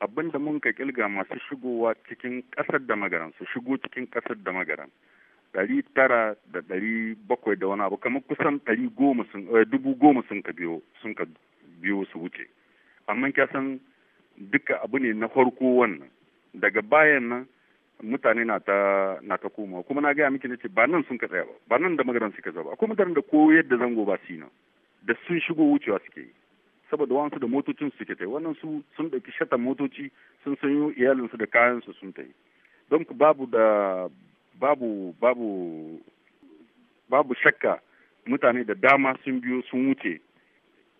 abin da mun ka kilga masu shigowa cikin ƙasar da magaran su shigo cikin ƙasar da magaran ɗari tara da ɗari bakwai da wani abu kamar kusan ɗari goma sun eh, dubu goma sun ka biyo sun ka biyo su wuce amma kya san duka abu ne na farko wannan daga bayan nan mutane na ta na ta komawa kuma na gaya miki nace ba nan sun ka tsaya ba ba nan da magaran suka zaba akwai mutanen da ko yadda zango ba su yi nan da sun shigo wucewa suke yi saboda wansu da motocin suke tai wannan su sun ɗauki shatan motoci sun sanyo iyalinsu da kayansu sun tai don babu da babu babu babu shakka mutane da dama sun biyo sun wuce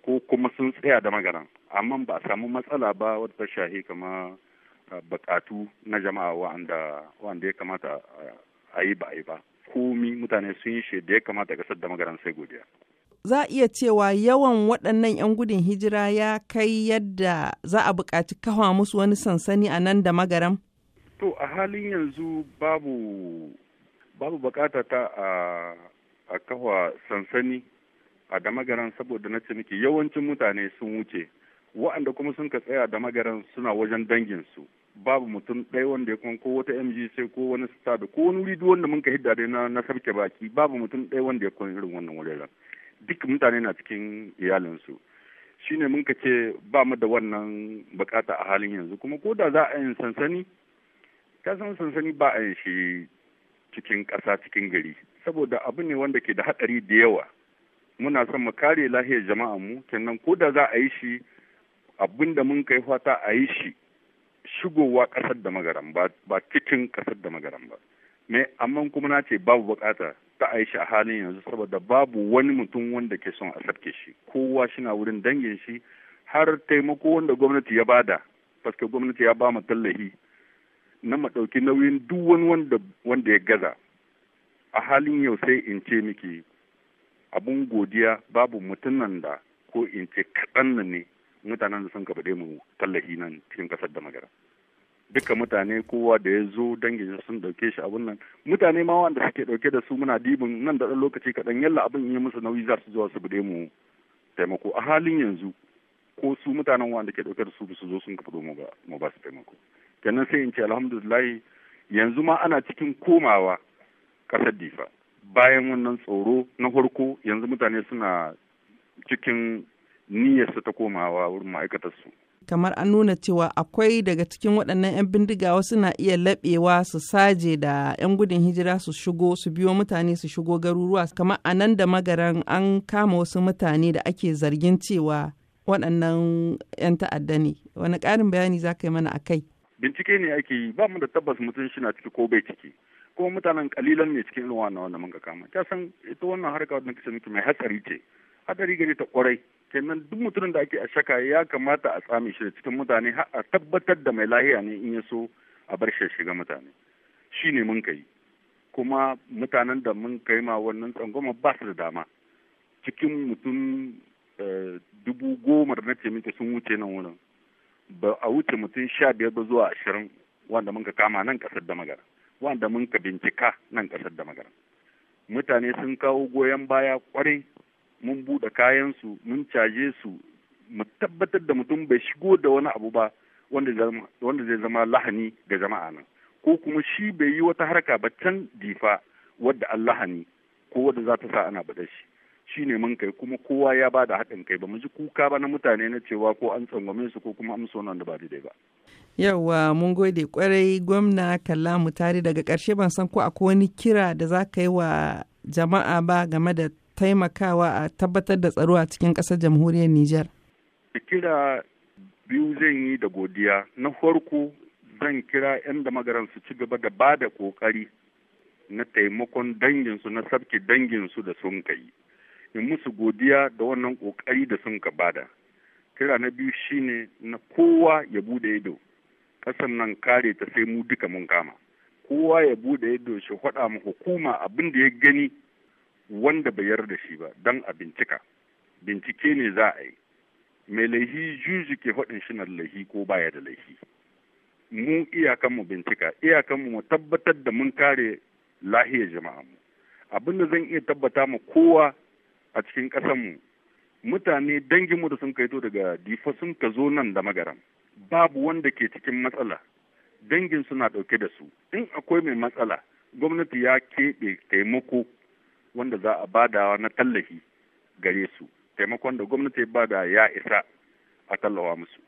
ko kuma sun tsaya da magana amma ba a samu matsala ba wadda ta shahi kama bakatu na jama'a wanda ya kamata a yi ba a yi ba komi mutane sun yi shaida ya kamata ga da magaran sai godiya za a iya cewa yawan waɗannan 'yan gudun hijira ya kai yadda za a buƙaci kawa musu wani sansani a nan da magaram? To a halin yanzu babu babu buƙata ta a, a kawa sansani a damagaran saboda na ce miki yawancin mutane sun wuce waɗanda kuma sun ka tsaya da magaran suna wajen danginsu babu mutum ɗaya wanda ya kwanko ko wata mgc ko wani stade ko wani wuri wanda mun ka hidda dai na, na sarke baki babu mutum ɗaya wanda ya kwanko irin wannan wuraren duk mutane na cikin iyalinsu shine mun ka ce ba mu da wannan bukata a halin yanzu kuma ko da za a yin sansani ka san sansani ba a yin shi cikin ƙasa cikin gari saboda abu ne wanda ke da haɗari da yawa muna son mu kare lahiyar jama'an mu kenan ko da za a yi shi abin da mun kai fata a yi shi shigowa ƙasar da magaran ba cikin ƙasar da magaran ba me amma kuma na ce babu bukata ta aisha a halin yanzu saboda babu wani mutum wanda ke son a sabke shi kowa shina wurin dangin shi har taimako wanda gwamnati ya bada paske gwamnati ya ba mu tallahi na mu ɗauki nauyin duk wani wanda wanda ya gaza a halin yau sai in ce miki abun godiya babu mutumin da ko in ce kaɗan ne mutanen da sun kafaɗe mu tallahi nan cikin ƙasar da magana duka mutane kowa da ya zo dangin sun dauke shi abun nan mutane ma wanda suke dauke da su muna dibin nan da dan lokaci kaɗan yalla abin yi musu nauyi za su zuwa su bude mu taimako a halin yanzu ko su mutanen wanda ke dauke da su su zo sun ka fito mu ba su taimako kenan sai in ce alhamdulillah yanzu ma ana cikin komawa ƙasar difa bayan wannan tsoro na farko yanzu mutane suna cikin niyyarsa ta komawa wurin su. kamar an nuna cewa akwai daga cikin waɗannan 'yan bindiga wasu na iya laɓewa su saje da 'yan gudun hijira su shigo su biyo mutane su shigo garuruwa kamar a nan da magaran an kama wasu mutane da ake zargin cewa waɗannan 'yan ta'adda ne wani ƙarin bayani za ka yi mana a kai bincike ne ake yi ba mu da tabbas mutum shi na ciki ko bai ciki kuma mutanen kalilan ne cikin na wannan wanda kama ta san ita wannan harka wadda kace miki mai hatsari ce hadari gare ta kwarai kenan duk mutumin da ake a shaka ya kamata a tsame shi da cikin mutane har a tabbatar da mai lahiya ne in ya so a bar shi shiga mutane shi ne mun kai kuma mutanen da mun kai ma wannan tsangwama ba su da dama cikin mutum eh, dubu goma da nace minti sun wuce nan wurin ba a wuce mutum sha biyar ba zuwa ashirin wanda mun ka kama nan kasar da magana wanda mun ka bincika nan kasar da magana mutane sun kawo goyon baya kwarai mun buɗe kayansu mun caje su mu tabbatar da mutum bai shigo da wani abu ba wanda zai zama lahani ga jama'a nan ko kuma shi bai yi wata harka ba can difa wadda allahani ko wadda za ta sa ana bada shi shi ne mun kai kuma kowa ya ba da haɗin kai ba mu ji kuka ba na mutane na cewa ko an tsangwame su ko kuma amsa da ba daidai ba. Yawwa mun gode kwarai gwamna kalla mu tare daga karshe ban san ko akwai wani kira da za ka yi wa jama'a ba game da taimakawa a tabbatar da tsaro a cikin ƙasar jamhuriyar Nijar? Kira biyu zan yi da godiya. Na farko zan kira 'yan da magaran su ci gaba da ba da ƙoƙari na taimakon danginsu na sabke danginsu da sun kai. In musu godiya da wannan ƙoƙari da sun ka bada. Kira na biyu shine na kowa ya bude ido. Ƙasar nan kare ta sai mu duka mun kama. Kowa ya bude ido shi faɗa ma hukuma abin da ya gani wanda bai yarda shi ba don a bincika bincike ne za a yi mai laihi juji ke faɗin shi na laihi ko baya da laihi mu iyakanmu bincika iyakanmu mu tabbatar da mun kare lahiyar jama'a mu abin da zan iya tabbata ma kowa a cikin ƙasanmu mutane danginmu da sun kaito daga difa sun ka zo nan da magaram babu wanda ke cikin matsala dangin suna ɗauke da su in akwai mai matsala gwamnati ya keɓe taimako wanda za a badawa na tallafi gare su taimakon da gwamnati ba da ya isa a tallawa musu